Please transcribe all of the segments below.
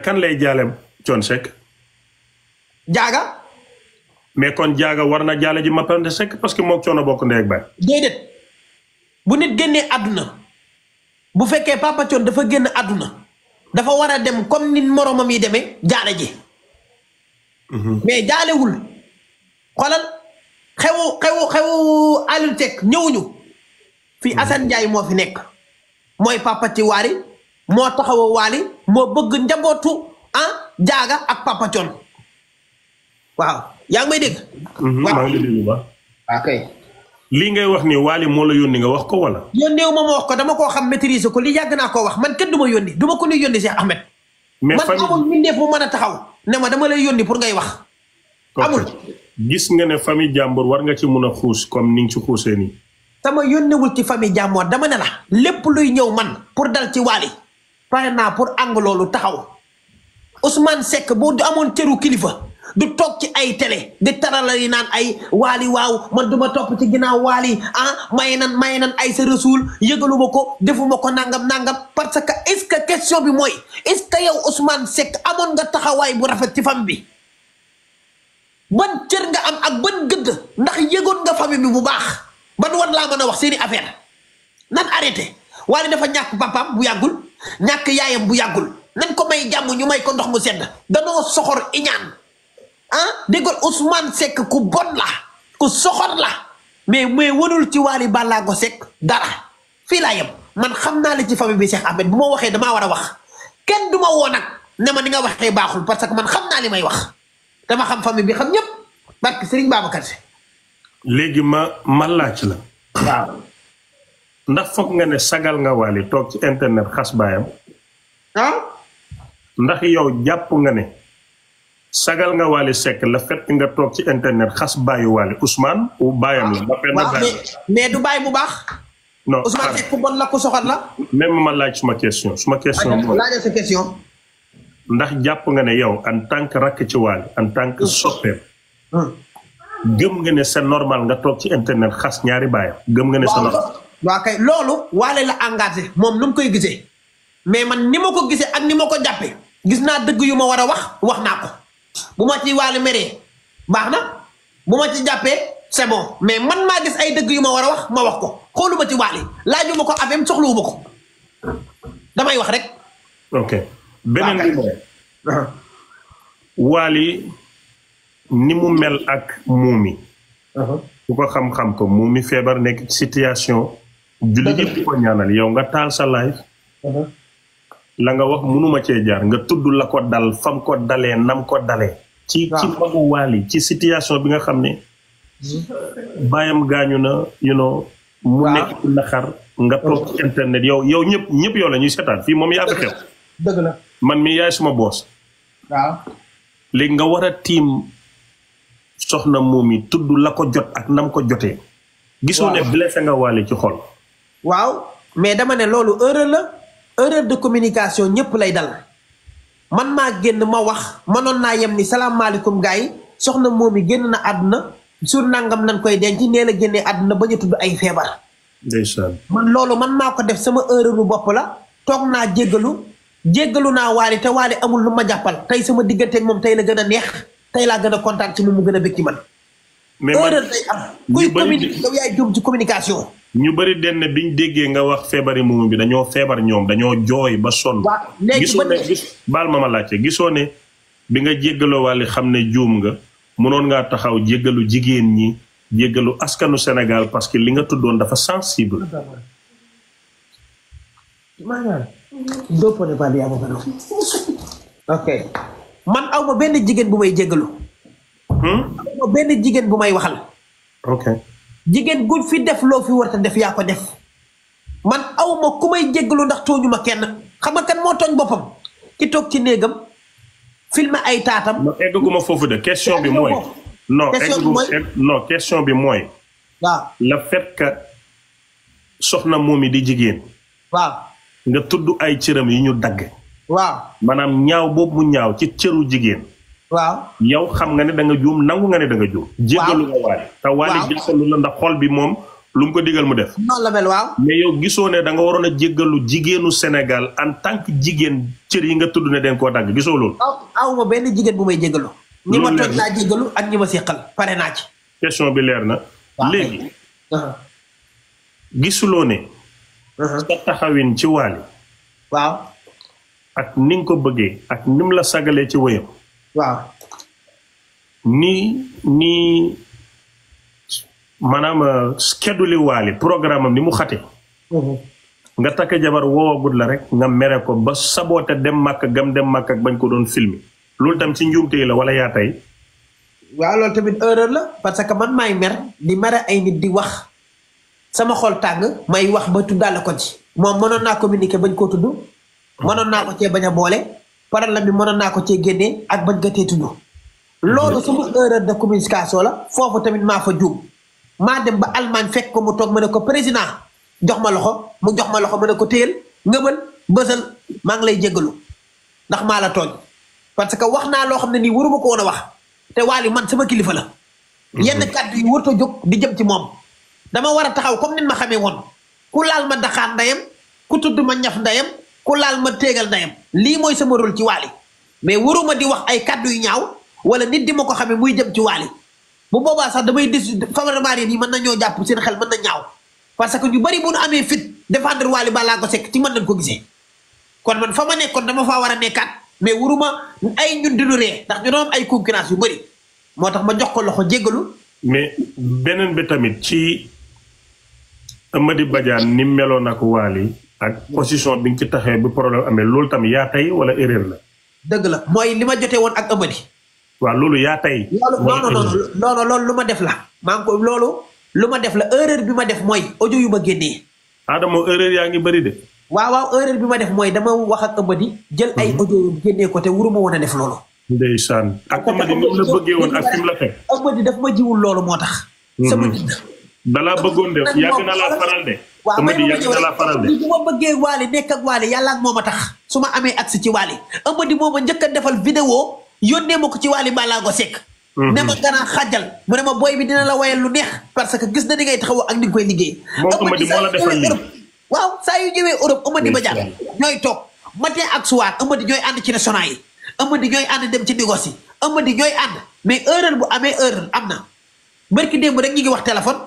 kan lay jaale Thione Seck. jaaga. mais kon jaaga war na jaale ji Mapenda Seck parce que moog Thione bokk ndey ak baay. déedéet bu nit génnee àdduna bu fekkee papa Thione dafa génn àdduna dafa war a dem comme nit moromam yi demee jaale ji. Mhm. mais jaalewul xoolal xewu xewu xewu Aliou Seck ñëwuñu. fi mhm. Assane Ndiaye moo fi nekk mooy papa ci waari. mo taxawa wali mo bëgg njabotu ah jaaga ak papa con waaw ya ngi may dégg mhm, waaw kay li ngay wax ni wali mo la yoni nga wax ko wala yónneewu ma ma wax ko dama ko xam maîtriser ko li yag na ko wax man kat duma yoni duma ko ni yoni Cheikh Ahmed man amul mbindeef bu meuna taxaw ne ma dama lay yoni pour ngay wax amul gis nga ne famille jambour war nga ci meuna a comme ni ci xuusee ni sama yónnewul ci famille jambour dama ne la lepp luy ñew man pour dal ci wali parena pour ang loolu taxaw Ousmane Seck boo amoon cëru kilifa du tok ci ay télé di taralali nan ay wali, waw man duma top ci ginnaaw wali ah may nan may nan ay sa rasul yegaluma ko defuma ko nangam nangam parce que est ce que question bi moy est ce que yow Ousmane sek amoon nga taxaway bu rafet ci fam bi ban cer nga am ak ban geud ndax yegon nga fami bi bu baax ban wan la meuna wax seeni affaire nan arrêté wali dafa ñak papam bu yagul ñak yaayam bu yagul nañ ko may jamm ñu may ko ndox mu sedd soxor iñaan ah degal ousmane sek ku bon la ku soxor la mais mais wonul ci bala go sek dara fi la yam man xamna la ci fami bi cheikh ahmed bu ma waxee damaa a wax ken duma wo nak ne ma ni nga waxe baxul parce que man xamna li may wax dama xam fami bi xam ñep barke serigne babakar si ma ma la waaw ndax foog nga ne sagal nga Wally toog ci internet xas baayam ah ndax yow jàpp nga ne sagal nga Wally Seck la fet nga toog ci internet xas baayu Wally Ousmane ou baayam la ba fenn baayam mais du baay bu baax non Ousmane Seck ku bon la ku soxat la même ma laaj suma question suma question laaj ndax jàpp nga ne yow en tànk que rakk ci Wally en tant que hmm. soppeem hmm. gëm nga ne seen normal nga toog ci internet xas ñaari baayam gëm nga ne c'est normal waa kay loolu waale la engage moom nu mu koy gisee mais man ni ma ko gisee ak ni ma ko jàppee gis naa dëgg yu ma war a wax wax naa ko bu ma ci waale meree baax na bu ma ci jàppee c'est mais man maa gis ay dëgg yu ma war a wax ma wax ko xooluma ci waale laaju ma ko afem soxluwu ma ko damay wax rek. ok beneen bi uh-huh. waali ni mu mel ak muumi. Uh-huh. ku ko xam-xam ko muumi feebar nekk situation. julli ñëpp ko ñaanal yow nga taal sa live uh-huh. la nga wax munuma ci jaar nga tuddu la ko dal fam ko dalé nam ko dalé ci ci magu wali, ci situation bi nga xamné uh-huh. bayam gañu na you know mu nekk ci naxar nga tok ci uh-huh. internet yow yow ñëpp ñëpp yow la ñuy sétal fi mom ya bëkk deug dëgg la man mi yaay suma boss waaw li nga wara tim soxna momi tuddu la ko jot ak nam ko joté gisone blessé nga waali ci xol waaw mais dama ne loolu erreur la erreur de communication ñëpp lay dal man maa génn ma wax mënoon naa yem ni salaamaaleykum gars yi soxna moom yi génn na àdduna sur nangam nañ koy denc nee la génnee àdduna ba ñu tudd ay feebar. loolu man maa ko def sama erreur bu bopp la toog naa jéggalu jéggalu naa waali te waali amul lu ma jàppal tey sama digganteeg moom tey la gën a neex tey laa gën a kontaan ci moom mu gën a bëgg ci man. mais man erreur day am kuy ci communication. ñu bari den ne biñ déggé nga wax fébari mumu bi dañoo fébar ñoom dañoo joy ba son gisone ne mama laccé gisone bi nga jéggaloo walé xamné joom nga mënon nga taxaw jéggalu jigéen ñi jéggalu askanu sénégal parce que li nga tuddoon dafa sensible dopo ne Bali amo kano man awma benn jigéen bu may jéggalu hmm awma benn jigéen bu may waxal okay jigéen guñ fi def loo fi war def yaa ko def man awma ku may jéggalu ndax tooñu kenn xam nga kan moo tooñ boppam ki toog ci néegam filmer ay taatam. non egguma foofu de question bi mooy. non non question bi mooy. la le soxna moom yi di jigéen. waaw nga tudd ay cëram yi ñu dagg. waaw maanaam ñaaw boobu ñaaw ci cëru jigéen. waaw yow xam nga ne danga juum nangu nga ne da nga juum. jéggalu nga waali. te waali jéggalu la ndax xol bi moom lu mu ko digal mu def. noonu yow gisoo ne danga nga waroon a jéggalu jigéenu Sénégal en tant que jigéen cër yi nga tudd ne den ko dagg gisoo loolu. aw ma benn jigéen bu may jéggalu. ñi ma toj laa jéggalu ak ñi ma seqal pare naa ci. question bi leer na. léegi. Uh-huh. gisuloo ne. Uh-huh. sa taxawin ci waali. waaw. ak ni nga ko bëggee ak ni mu la sagalee ci wéyam. waaw ni ni maanaam euh, schedule wali, programme am ni mu xate mhm. nga takk jabar woowagut la rek nga mere ko ba saboote dem màkk gam dem màkk ak bañ ko doon filmi loolu tam ci njuumte yi la wala yaa tey waaw loolu tamit la parce que man maay mer di mere ay nit di wax sama xol tàng may wax ba tuddaale ko ci moom mënoon naa communiquer bañ koo tudd mënoon naa ko cee bañ a boole parallèle bi mënon ko ci génné ak bañ gatétuñu lolu suma erreur de communication la fofu tamit ma fa joom ma dem ba allemagne fekk ko mu tok mëne ko président jox ma loxo mu jox ma loxo mëne ko téel ngeubal bëssal ma ngi lay jéggalu ndax ma la togn parce que waxna lo xamné ni waruma ko wona wax té wali man sama kilifa la mhm. yenn kaddu yi wurtu jog di jëm ci mom dama wara taxaw comme nit ma xamé won ku laal ma daxaan ndayam ku tuddu ma ñaf ndayam ku laal ma téegal ndeyam lii mooy sama rôle ci waali mais waruma di wax ay kàddu yu ñaaw wala nit di ma ko xamee muy jëm ci waali bu boobaa sax damay dis favorabare yi mën na ñoo seen xel mën na ñaaw parce que ñu bari bu amee fit défendre waali balaa ko sekk ci mën nañ ko gisee kon man fa ma nekkoon dama faa war a nekkaat mais waruma ay ñun dinu ree ndax ñu doon ay concurrence yu bëri moo tax ma jox ko loxo jéggalu beneen bi tamit ci Amady Badiane ni meloon ak waali ak position bi nga ci taxee bu problème amee loolu tam yaa tey wala erreur la. dëgg la mooy li ma jotee woon ak ëmb di. waaw loolu yaa tey. loolu non lu ma def la maa loolu lu ma def la erreur bi ma def mooy audio yu ma génnee. Adamo erreur yaa ngi bëri de. waaw waaw bi ma def mooy dama wax ak ëmb di. jël ay mhm. audio yu génnee ko te wuruma woon a def loolu. ndeysaan ak ëmb di moom la bëggee woon ak fi mu la fekk. ëmb di daf ma jiwul loolu moo tax. Mhm. dalaa bëggoon de yàgg na laa faral de. waaw ma ñëw rek bu ma bëggee waale nekk ak waale yàlla ak a tax su ma amee accès ci waale Amady njëkk a defal vidéo yónnee ma ko ci waale balaa ko sekk. Mhm. ne ma gannaaw xàjjal mu ne ma booy bi dina la wayal lu neex parce que gis na ni ngay taxaw ak ni nga koy liggéey. Amady moo la defal nii saa yu ñëwee Europe Amady ba jàpp ñooy toog matin ak soir Amady ñooy ànd ci national yi Amady ñooy ànd dem ci négoce yi Amady ñooy ànd mais erreur bu amee erreur am na barki démb rek ñu ngi wax téléphone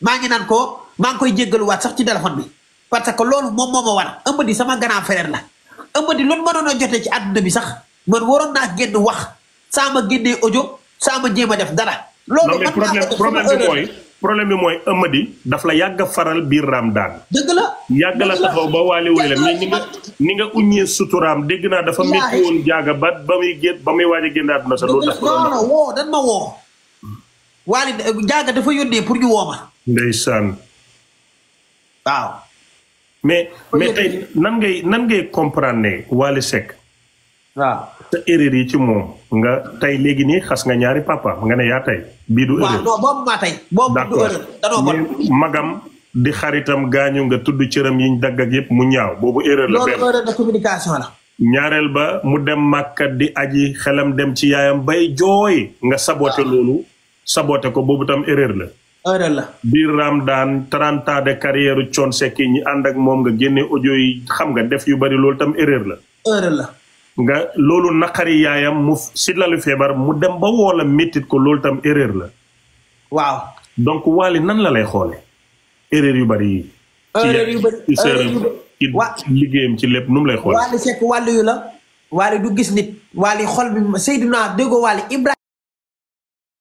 mangi nan ko mang koy koy wat sax ci téléphone bi parce que lolu mom moma war ëmb di sama grand frère la ëmb di loolu mënoon jotté ci aduna bi sax man woron na génn wax sama ma audio sama ma def dara. lolu man problème problème bi mooy problème bi mooy ëmb di daf la yag faral biir Ramadan. deug la yag la taxaw ba waale wëy ni nga ni nga uññee suturam deug na dafa metti won jaga bat bamuy muy bamuy ba muy waaj a génn sax loolu. daf ko doon non non woo dan ma wo Waly jaaga eh, dafa yónnee pour ñu wooma. ndeysaan. waaw. mais mais tey nan ngay nan ngay comprendre ne Waly Seck. waaw sa yi ci moom nga tey léegi nii xas nga ñaari papa nga ne yaa tey. bii du erreur waaw magam. di xaritam gaañu nga tudd cëram yiñ dagg ak yëpp mu ñaaw boobu erreur la. loolu erreur communication la. ñaareel ba mu dem màkkat di aji xelam dem ci yaayam bay jooy nga sabote loolu. saboté ko boobu tam erreur la. erreur la biir Ramadaan 30 ans de carrière Thione Seck yi ñu ànd ak moom nga génne audio yi xam nga def yu bari loolu tam erreur la. erreur la. nga loolu naqari yaayam mu si lalu feebar mu dem ba woola méttit ko loolu tam erreur la. waaw donc Wally nan la lay xool erreur yu bari yi. erreur yu bari ci ci liggéeyam ci lépp nu mu lay xoolee. Wally Seck wàllu yu la. Wally du gis nit. Wally xol bi Seydina déggoo Wally Ibrahima.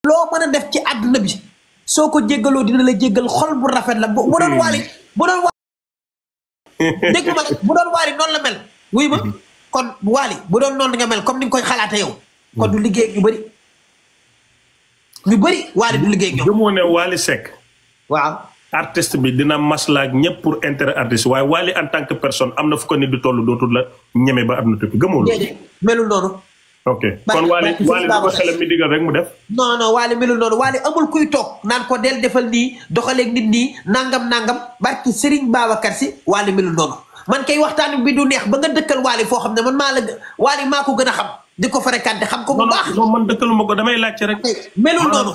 loo mën a def ci àdduna bi soo ko jéggaloo dina la jéggal xol bu rafet la bo doon waali bu doon hmm. waali dégg bu doon waali noon la mel wuy ma kon waali bu doon noonu nga mel comme ni nga koy xalaate yow kon du liggéey ak ñu bëri ñu bëri waali du liggéey ak ñoom gëmoo ne waali Seck waaw artiste bi dina maslaak ñëpp pour intérêt artiste waaye waali en tant que personne am na fu ko nit di toll dootul la ñeme ba am na tukki gëmoo loolu melul ok kon Waly Waly lu ko xelam mi digal rek mu def. non non Waly melul noonu Waly amul kuy toog naan ko del defal nii doxaleeg nit nii nangam nangam barki Serigne Babacar si Waly melul noonu man kay waxtaan bi du neex ba nga dëkkal Waly foo ne man maa la Waly maa ko gën a xam di ko fréquenté xam ko bu baax. non man dëkkaluma ko damay laajte rek. melul noonu.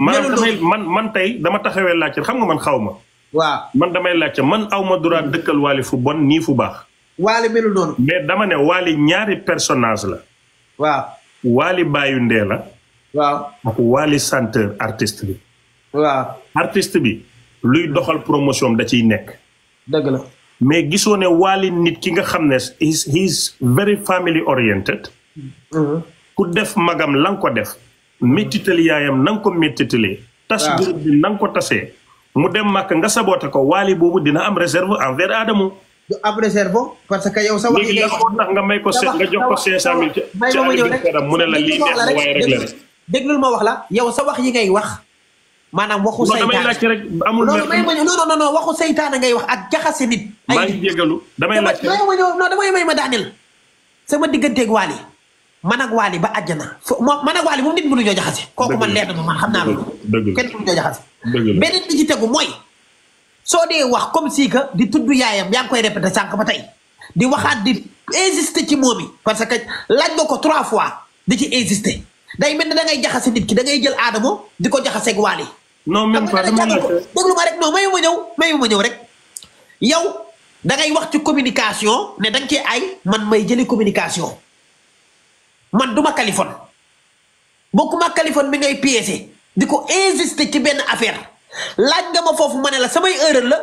melul noonu man man tey dama taxawee laajte xam nga man xaw ma. waaw man damay laajte man aw ma duraat dëkkal Waly fu bon nii fu baax. Waly melul noonu. mais dama ne Waly ñaari personnage la. waaw waali baayu ndee la waaw ak waali chanteur artiste bi waaw artiste bi luy doxal promotion da ciy nekk dagg na mais gisoo ne waali nit ki nga xam ne he is very family oriented mm-hmm. ku def magam la nga ko def mm-hmm. méttital yaayam na nga ko méttitalee tas bi na nga ko tasee mu dem màkk nga saboote ko waali boobu dina am réserve envers Adamo du parce que yow sa wax léegi la moo tax nga may ko nga jox ko 500000. ci mu ne la lii neex waaye rek la ma wax la yow wax yi ngay wax damay laajte rek amul may ma waxu saytaan ngay wax ak jaxase nit. ay maa ngi jégalu damay laajte rek damay non may ma daaneel sama digganteeg Waly man ak Waly ba àjjana fo man ak Waly moom nit mënuñoo jaxase. dëgg la kooku man leer na ma man xam naa loolu. dëgg la kenn mënuñoo jaxase. beneen bi tegu mooy soo dee wax comme si di tudd yaayam yaa ngi koy répété sànq ba tey di waxaat di insister ci moom yi parce que laaj ma ko trois fois di ci insister day mel ne da ngay jaxase nit ki da ngay jël aadama di ko jaxaseeg waale. non même pas dama ko déglu ma rek non mayu ma ñëw mayu ma ñëw rek yow. da ngay wax ci communication ne da nga ay man may jëli communication man du ma Kaliphone bokkuma Kaliphone mi ngay piéger di ko insister ci benn affaire laaj nga ma foofu ma ne la samay erreur la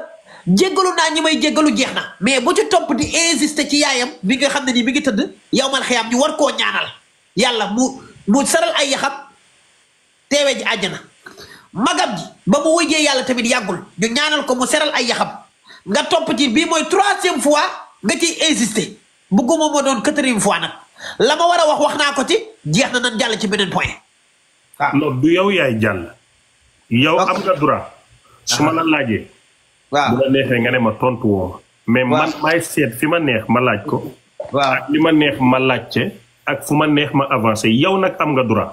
jéggalu naa ñi may jéggalu jeex na mais bu ci topp di insister ci yaayam bi nga xam ne nii bi ngi tëdd yow mal xiyaam ñu war koo ñaanal yàlla mu mu saral ay yaxam teewee ji àjjana magam ji ba mu wëjee yàlla tamit yàggul ñu ñaanal ko mu seral ay yaxam nga topp ci bii mooy troisième fois nga ciy insister bugguma ma doon quatrième fois nag la ma war a wax wax naa ko ci jeex na nan jàll ci beneen point waaw. Ah, loolu du yow yow am nga droit. su ma la laajee. waaw bu la neexee nga ne ma tontu woo ma. mais maay seet fi ma neex ma laaj ko. waaw li ma neex ma laajte ak fu ma neex ma avancé yow nag am nga droit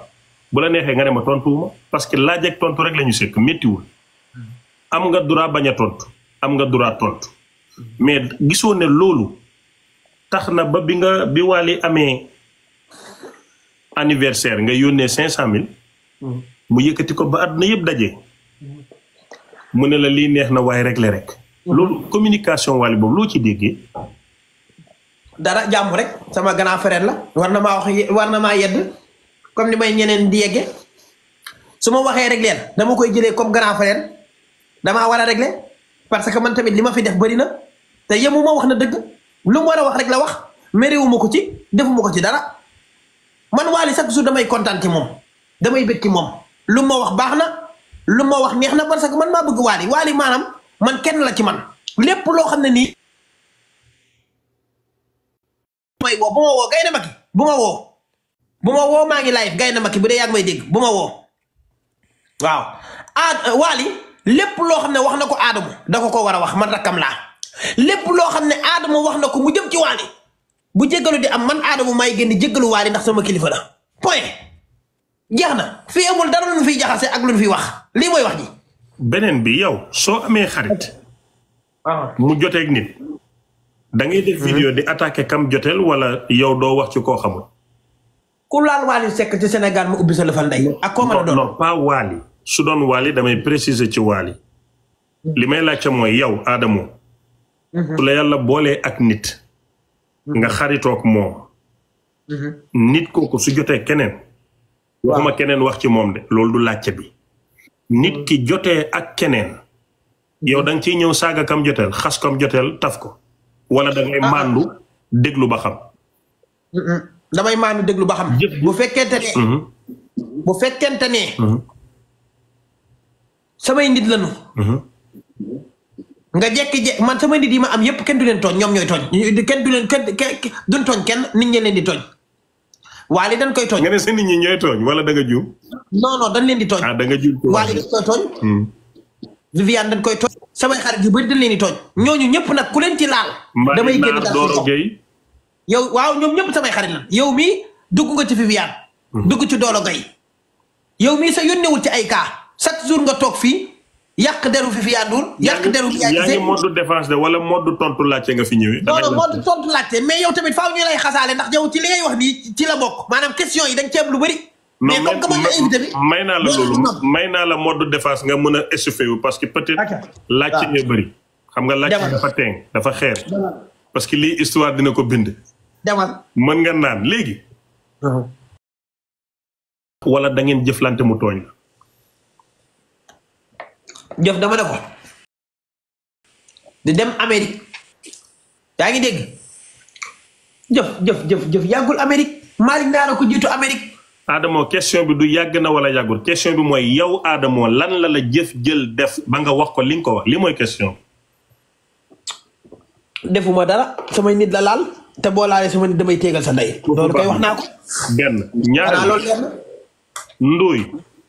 bu la neexee nga ne ma tontu parce que laaj ak tontu rek la ñu sekk méttiwul hmm. am nga duraa bañ a tontu am nga droit tontu hmm. mais gisoo ne loolu tax na ba bi nga bi Wally amee anniversaire nga yónnee cinq cent mille. Hmm. mu yëkëti ko ba aduna yëpp dajé mu ne la li neex na way rek le rek lolu communication wali bob lo ci déggé dara jamm rek sama grand frère la warna ma wax warna ma yedd comme ni may ñeneen di yeggé suma waxé rek leen dama koy jëlé comme frère dama wara réglé parce que man tamit lima fi def bari na te yemuma wax na deug lu mo wara wax rek la wax wu mako ci defu mako ci dara man wali chaque jour damay contanté mom damay bëkk mom lu ma wax baax na lu ma wax neex na parce que man maa bëgg waali waali maanam man kenn la ci man lépp loo xam ne nii may woo bu ma woo gaynde Macky bu ma woo bu ma woo maa ngi live gaynde ki bu dee yàgg may dégg bu ma woo waaw aad waali lépp loo xam ne wax na ko aadamu da ko ko war a wax man rakkam laa lépp loo xam ne aadamu wax na ko mu jëm ci waali bu jéggalu di am man aadamu may génn jéggalu waali ndax sama kilifa la point jeex na fii amul dara lu ñu fiy jaxase ak lu ñu fiy wax lii mooy wax ji. beneen bi yow soo amee xarit. mu joteeg nit. dangay ngay def hmm. di attaqué kam joteel wala yow doo wax ci koo xamul. ku laal Wally sekk ci senegal mu ubbi sa lëfal ndey. ak koo mën a doon damay préciser ci Wally hmm. li may laajte mooy yow Adamo. Hmm. yàlla boolee ak nit. nga xaritook moom. nit kooku su jotee keneen. waxuma keneen wax ci moom de loolu du laajte bi nit ki jotee ak keneen yow da nga ciy ñëw saaga kam joteel xas kam joteel taf ko wala da ngay ah, ah. màndu déglu ba xam damay maanu déglu ba xam boo fekkente ne bu fekkente ne mm-hmm. mm-hmm. samay nit lañu mm-hmm. nga jekki-jekk man samay nit yi ma am yépp kenn du leen tooñ ñoom ñooy tooñ kenn du leen kenn tooñ kenn nit ñi leen di tooñ waali dañ koy tooñ. nga ne sa nit ñi ñooy tooñ wala nga juum. non non dañ leen di tooñ. ah da nga juum waali dañ koy tooñ. Hmm. Viviane dañ koy tooñ. samay xarit yu bëri dañ leen di tooñ. ñooñu ñëpp nag ku leen ci laal. damay génn daal Doro Gueye. yow waaw ñoom ñëpp samay xarit la. yow mii dugg nga ci Viviane. Hmm. dugg ci doolo Gueye. yow mii sa yónneewul ci ay ka chaque jour nga toog fii yàq deru fi fi yàndul yàq deru fi yaa ngi mode défense de wala mode tontu laajte nga fi ñëwee loolu mode tontu laajte mais yow tamit faaw ñu lay xasaale ndax yow ci li ngay wax nii maanaam question yi dañ ceeb lu bëri mais may naa la loolu may naa la mode défense nga mën a échauffé wu parce que peut-être laajte nga bëri xam nga laajte dafa teeng dafa xeer parce que lii histoire dina ko bind demal mën nga naan léegi uh-huh. wala da ngeen jëflante mu tooñ jëf dama ne ko di dem Amérique yaa ngi dégg jëf jof jof jof yàggul Amérique Malick Ndara ko jiitu Amérique. Adamo question bi du yàgg na wala yàggul question bi mooy yow Adamo lan la la jëf jël def ba nga wax ko li ko wax li mooy question. defuma dara samay nit la te boo laalee sama sa ndey. wax naa ko. benn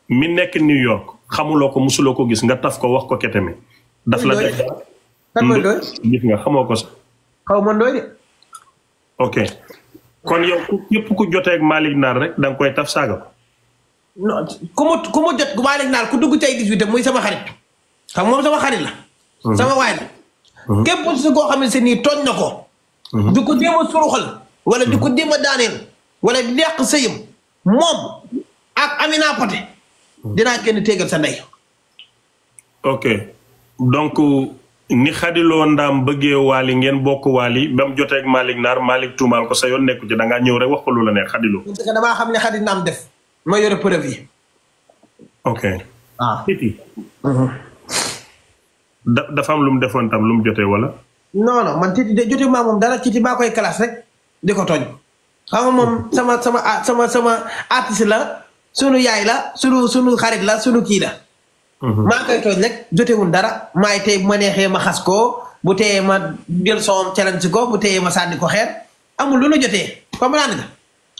mi nekk New York. xamuloo ko musuloo ko gis nga taf ko wax ko ketame daf la def gis xamoo ko xaw ma ndooy de ok yëpp ku jotee ak Malick Naar rek da koy taf saaga ko non ku ma ku ma jot Malick Naar ku dugg tey 18 muy sama xarit xam moom sama xarit la mhm. sama waay la mhm. képp si koo xam si nii tooñ na ko mhm. di ko suruxal wala di ko déema daaneel wala di moom ak Amina Poté dinaa génn tegal sa ndey. ok donc ni xadiloo ndaam bëggee waali ngeen bokk waali ba mu jotee ak Malick Naar Malick tuumaal ko sa yoon nekku ci da ngaa ñëw rek wax ko la neex xadiloo. parce que xam ne xadi naam def. ma ah. mhm. da dafa am lu mu defoon tam lu mu jotee wala. non non man Titi de jotee maa moom dara Titi maa koy classe rek di ko tooñ. xam moom sama sama sama la. sunu yaay la sunu sunu xarit la sunu kii la. Mhm. maa koy tooñ rek jotewul dara maay tey bu ma neexee ma xas ko bu teyee ma jël soom challenge ko bu teyee ma sànni ko xeer amul lu nu jotee comprendre nga.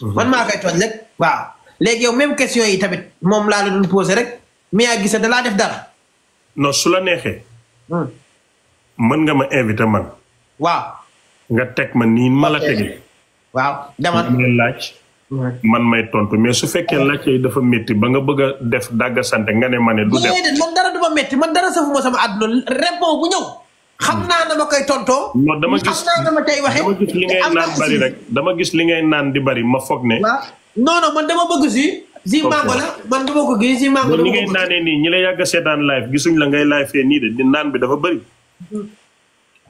Mhm. man maa koy tooñ rek waaw. léegi yow même question yi tamit moom laa la doon posé rek Mia Guissé da laa def dara. non su la neexee. Hmm. mën nga ma invité man. waaw. nga teg ma nii mala la waaw dama laaj. man may tontu mais su fekkee laaj yi dafa métti ba nga bëgg def def dàggasante nga ne ma ne. du def man dara du ma man dara safuma sama àdduna répond bu ñëw. xam hmm. naa dama koy tontoo. non dama gis xam li ngay naan bari rek dama gis li ngay naan di bari ma foog ne. non non man dama bëgg si. si mango la man dama ko gis si mango la ni ngay naanee nii ñi la yàgg a seetaan live gisuñ la ngay live nii de naan bi dafa bari. Hmm.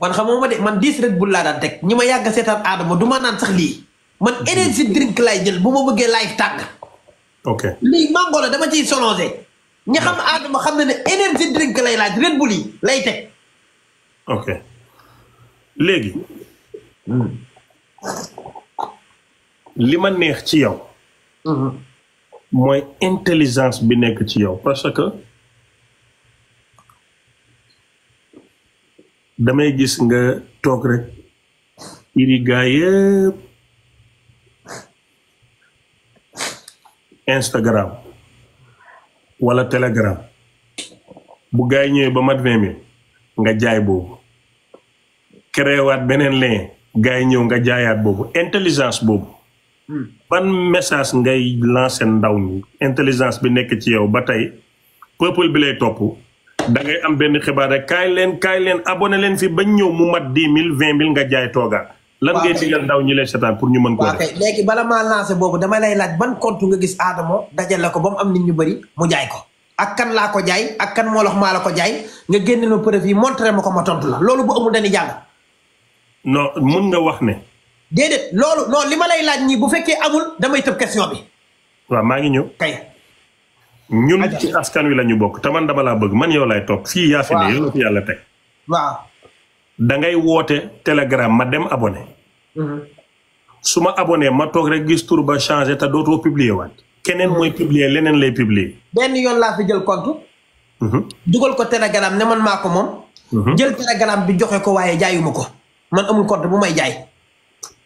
man xamuma de man diis rek bul laa daan teg ñi ma yàgg a aadama du ma naan sax man energy drink lay jël bu ma bëggee live tàkk. ok lii mango la dama ciy solosé. ñi xam aadama xam na ne energy drink lay laaj Red Bull yi lay teg. ok léegi. Hmm. li ma neex ci yow. Hmm. mooy intelligence bi nekk ci yow parce que damay gis nga toog rek. iri gaa Instagram wala Telegram bu gaa yi ñëwee ba mat vingt mille nga jaay boobu créé beneen lien gaa yi ñëw nga jaayaat boobu intelligence boobu hmm. ban message ngay lancer ndaw ñi intelligence bi nekk ci yow ba tey peuple bi lay topp da ngay am benn xibaar kaay leen kaay leen abonné leen fi bañ ñëw mu mat dix mille vingt mille nga jaay toogaat. lan ngay digal ndaw ñi lay seetaan pour ñu mën koo def léegi bala maa lancé boobu dama lay laaj ban compte nga gis Adamo dajale ko bam am nit ñu bëri mu jaay ko ak kan laa ko jaay ak kan maa la ko jaay nga génne ma preuve yi montré ma ko ma la loolu bu amul dañuy jàng non mun nga wax ne déedéet loolu li ma lay laaj ñii bu fekkee amul damay tëb question bi waaw maa ngi ñëw kay ñun ci askan wi la ñu bokk te man dama laa bëgg man yow lay toog fii yaa fi ne yow la fi yàlla teg waaw woote telegram ma dem abone Mm-hmm. su ma abonné ma toog rek gis tur ba changé te dootoo publier waat keneen mooy mm-hmm. publier leneen lay publier. benn yoon laa fi jël compte. Mm-hmm. dugal ko Telegram ne man maa ko moom. jël Telegram bi joxe ko waaye jaayuma ko man amul compte bu may jaay.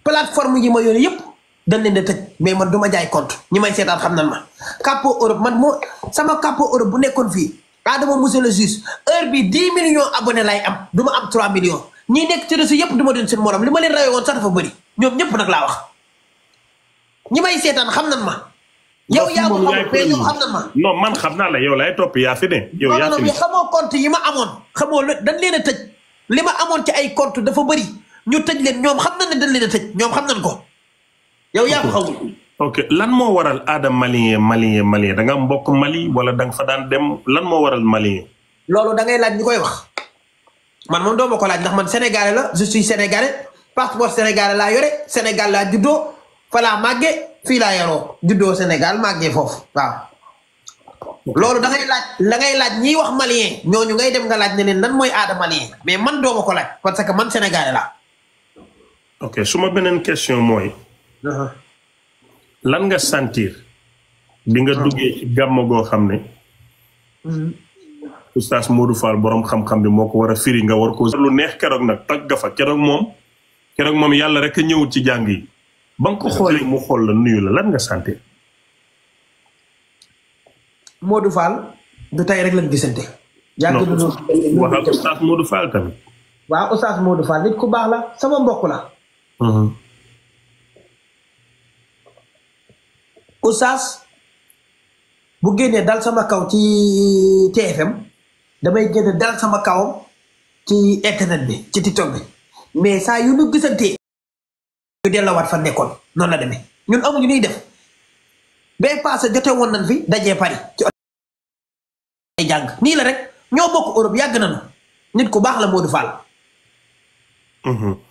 plateforme yi ma yónnee yëpp dan leen di tëj mais man du jaay compte ñi may seetaan xam nan ma capot Europe man moo sama capot Europe bu nekkoon fii Adama Moussa le juge heure bi 10 millions abonné lay am du ma am 3 ñi nekk ci si yëpp du ma doon seen morom li ma leen rawee woon sax dafa bëri ñoom ñëpp nag laa wax ñi may seetaan xam nan ma. yow yaa ko xamul man xam naa la yow laay topp yaa fi ne. yow yaa fi ne yi ma amoon xamoo lu dañ leen a tëj li ma amoon ci ay compte dafa bëri ñu tëj leen ñoom xam nañ ne dañ leen a tëj ñoom xam nañ ko yow ok lan moo waral aada malien malien malien da nga mbokk Mali wala da nga fa daan dem lan moo waral malien. loolu da ngay laaj ñu koy wax. man moom doo ko laaj ndax man sénégalais la je suis sénégalais passeport sénégalais laa yore Sénégal laa juddoo fa laa màggee fii laa yoroo juddoo Sénégal màggee foofu waaw. loolu da ngay laaj da ngay laaj ñiy wax malien ñooñu ngay dem nga laaj ne leen lan mooy aada malien mais man doo ma ko laaj parce que man sénégalais laa. ok su ma beneen question mooy. Uh-huh. lan nga sentir. bi nga uh-huh. duggee xam ne. Mm-hmm. oustaz Modou Fall borom xam-xam bi moo ko war a firi nga war ko lu neex keroog nag tag ga fa keroog moom keroog moom yàlla rek a ñëwul ci jàng yi ba nga ko xoolee mu xool la nuyu la lan nga santé Modou Fall du tey rek lañ gisante. yàgg nañu waxal oustaz Modou Fall tamit. waaw nit ku baax la sama mbokk la. Mhm. oustaz bu génnee daal sama kaw ci TFM. damay génn daal sama kawam ci internet bi ci TikTok bi mais saa yu nu gisantee ñu delloowaat fa nekkoon noonu la demee ñun amuñu ñuy def bay passé jote woon nañ fi dajee Paris ci ay jàng nii la rek ñoo bokk Europe yàgg nañu nit ku baax la Modou Fall mm-hmm.